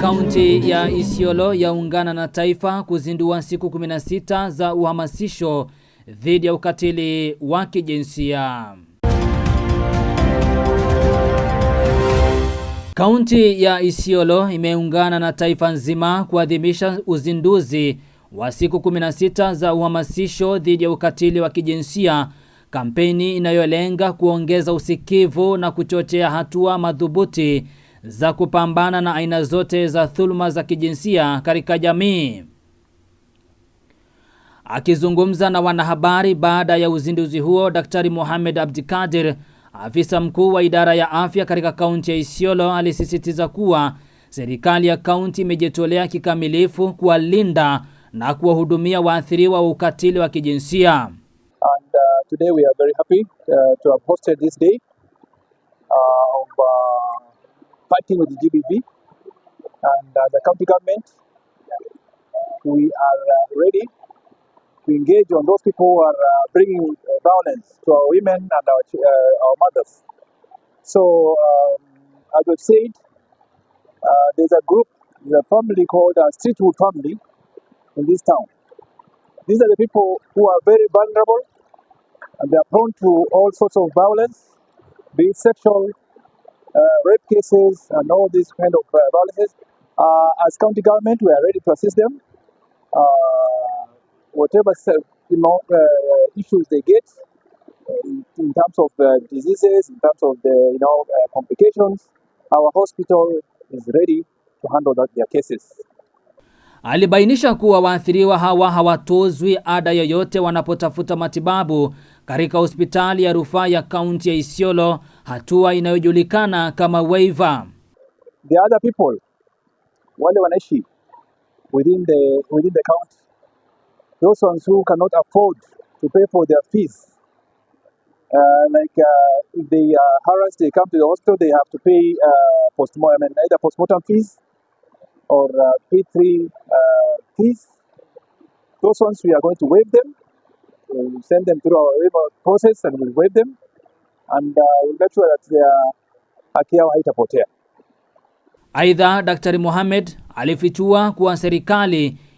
Kaunti ya Isiolo yaungana na taifa kuzindua siku 16 za uhamasisho dhidi ya ukatili wa kijinsia. Kaunti ya Isiolo imeungana na taifa nzima kuadhimisha uzinduzi wa siku 16 za uhamasisho dhidi ya ukatili wa kijinsia, kampeni inayolenga kuongeza usikivu na kuchochea hatua madhubuti za kupambana na aina zote za dhuluma za kijinsia katika jamii. Akizungumza na wanahabari baada ya uzinduzi huo, Daktari Mohamed Abdikadir Afisa mkuu wa idara ya afya katika kaunti ya Isiolo alisisitiza kuwa serikali ya kaunti imejitolea kikamilifu kuwalinda na kuwahudumia waathiriwa wa ukatili wa kijinsia. And uh, today we are very happy uh, to have hosted this day uh, of uh, with the GBV and uh, the county government we are uh, ready to engage on those people who are uh, bringing uh, violence to our women and our, uh, our mothers. So, um, as I have said, uh, there's a group, a family called uh, Streetwood family in this town. These are the people who are very vulnerable and they are prone to all sorts of violence, be it sexual, uh, rape cases, and all these kind of uh, violences. as county government, we are ready to assist them. Uh, whatever self, you know, uh, issues they get uh, in, terms of uh, diseases, in terms of the you know uh, complications, our hospital is ready to handle that, their cases. Alibainisha kuwa waathiriwa hawa hawatozwi ada yoyote wanapotafuta matibabu katika hospitali ya rufaa ya kaunti ya Isiolo, hatua inayojulikana kama waiver. The other people wale wanaishi within the, within the county those ones who cannot afford to pay for their fees. Uh, like uh, if they are harassed, they come to the hospital, they have to pay uh, post I mean, either postmortem fees or uh, P3 uh, fees. Those ones we are going to waive them. We'll send them through our waiver process and we'll waive them. And uh, we'll make sure that their haki yao haitapotea. Aidha, Daktari Mohamed alifichua kuwa serikali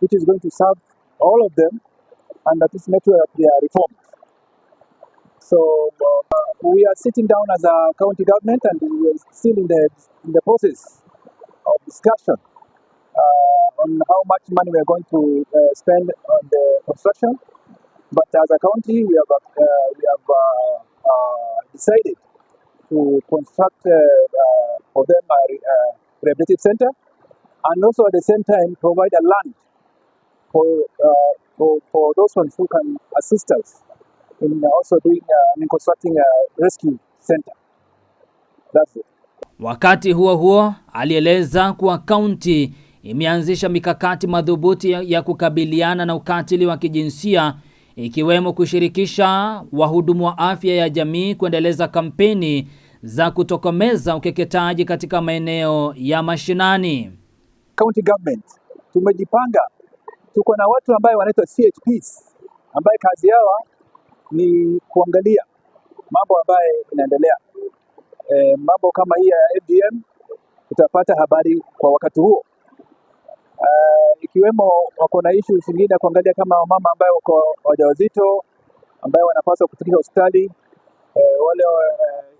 which is going to serve all of them and at least network they are reformed. So uh, we are sitting down as a county government and we are still in the, in the process of discussion uh, on how much money we are going to uh, spend on the construction. But as a county, we have, uh, we have uh, uh, decided to construct for them a rehabilitative center and also at the same time provide a land for, uh, for, for, those ones who can assist us in uh, also doing uh, in constructing a rescue center. That's it. Wakati huo huo, alieleza kuwa kaunti imeanzisha mikakati madhubuti ya kukabiliana na ukatili wa kijinsia ikiwemo kushirikisha wahudumu wa afya ya jamii kuendeleza kampeni za kutokomeza ukeketaji katika maeneo ya mashinani. County government tumejipanga tuko na watu ambaye wanaitwa CHPs ambaye kazi yao ni kuangalia mambo ambayo inaendelea. E, mambo kama hii ya FGM utapata habari kwa wakati huo. E, ikiwemo wako na ishu zingine ya kuangalia kama mama ambaye wako wajawazito ambayo wanapaswa kufikisha hospitali e, wale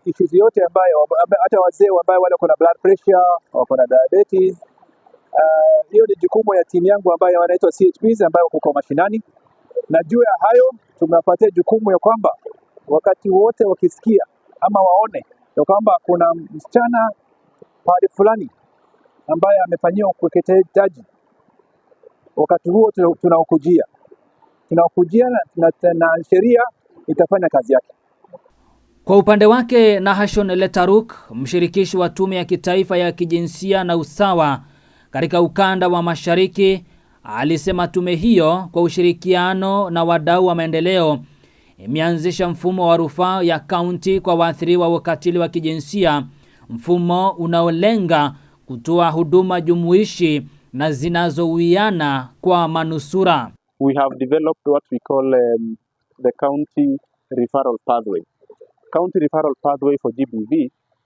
e, ishu yote ambayo hata wazee ambayo wale wako na blood pressure wako na diabetes Eh, hiyo uh, ni jukumu ya timu yangu ambayo wanaitwa CHPs ambayo kuko mashinani, na juu ya hayo tumewapatia jukumu ya kwamba wakati wote wakisikia ama waone ya kwamba kuna msichana pahali fulani ambaye amefanyiwa ukeketaji, wakati huo tunaokujia tunaokujia na, na, na sheria itafanya kazi yake. Kwa upande wake Nahashon Letaruk, mshirikishi wa tume ya kitaifa ya kijinsia na usawa katika ukanda wa Mashariki, alisema tume hiyo kwa ushirikiano na wadau wa maendeleo imeanzisha mfumo wa rufaa ya kaunti kwa waathiriwa wa ukatili wa kijinsia, mfumo unaolenga kutoa huduma jumuishi na zinazowiana kwa manusura. We have developed what we call um, the county referral pathway. County referral pathway for GBV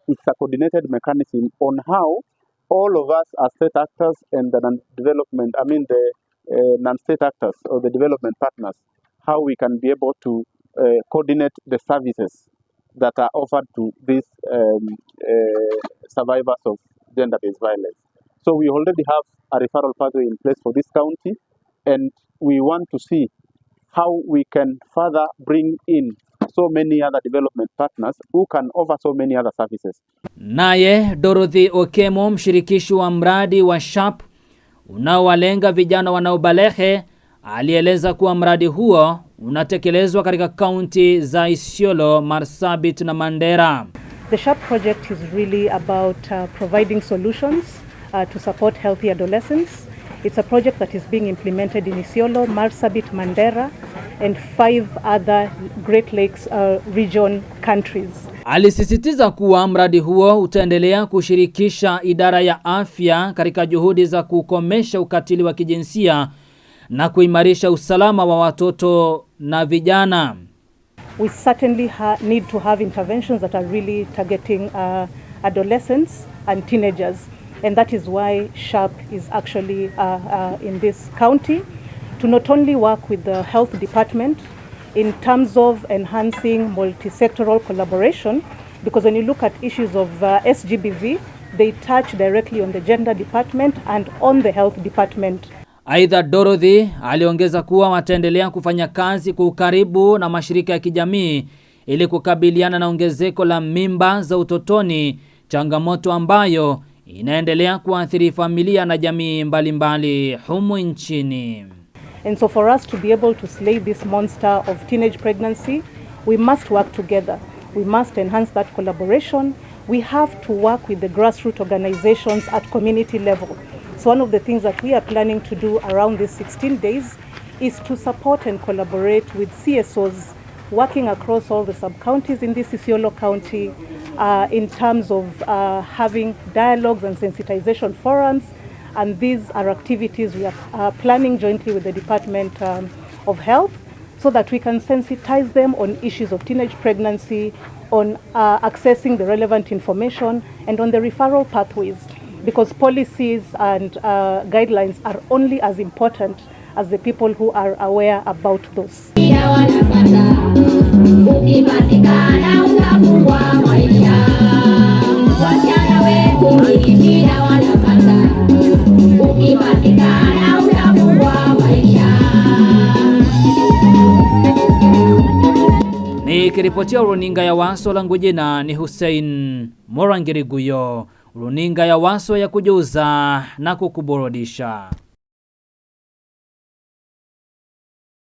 is a coordinated mechanism on how all of us are state actors and the development, I mean the uh, non-state actors or the development partners, how we can be able to uh, coordinate the services that are offered to these um, uh, survivors of gender-based violence. So we already have a referral pathway in place for this county, and we want to see how we can further bring in so many other development partners who can offer so many other services. Naye Dorothy Okemo, mshirikishi wa mradi wa SHAP unaowalenga vijana wanaobalehe, alieleza kuwa mradi huo unatekelezwa katika kaunti za Isiolo, Marsabit na Mandera. The SHAP project is really about uh, providing solutions uh, to support healthy adolescents. It's a project that is being implemented in Isiolo, Marsabit, Mandera and five other Great Lakes uh, region countries. Alisisitiza kuwa mradi huo utaendelea kushirikisha idara ya afya katika juhudi za kukomesha ukatili wa kijinsia na kuimarisha usalama wa watoto na vijana. We certainly ha need to have interventions that are really targeting uh, adolescents and teenagers and that is why SHARP is actually uh, uh, in this county to not only work with the health department in terms of enhancing multisectoral collaboration because when you look at issues of uh, SGBV they touch directly on the gender department and on the health department. Aidha, Dorothy aliongeza kuwa wataendelea kufanya kazi kwa ukaribu na mashirika ya kijamii ili kukabiliana na ongezeko la mimba za utotoni, changamoto ambayo inaendelea kuathiri familia na jamii mbalimbali mbali humu nchini. And so for us to be able to slay this monster of teenage pregnancy, we must work together. We must enhance that collaboration. We have to work with the grassroots organizations at community level. So one of the things that we are planning to do around these 16 days is to support and collaborate with CSOs working across all the sub-counties in this Isiolo County uh, in terms of uh, having dialogues and sensitization forums and these are activities we are uh, planning jointly with the Department um, of Health so that we can sensitize them on issues of teenage pregnancy, on uh, accessing the relevant information, and on the referral pathways, because policies and uh, guidelines are only as important as the people who are aware about those. Nikiripotia runinga ya Waso langu ni Hussein Morangiriguyo, runinga ya Waso ya kujuza na kukuburudisha.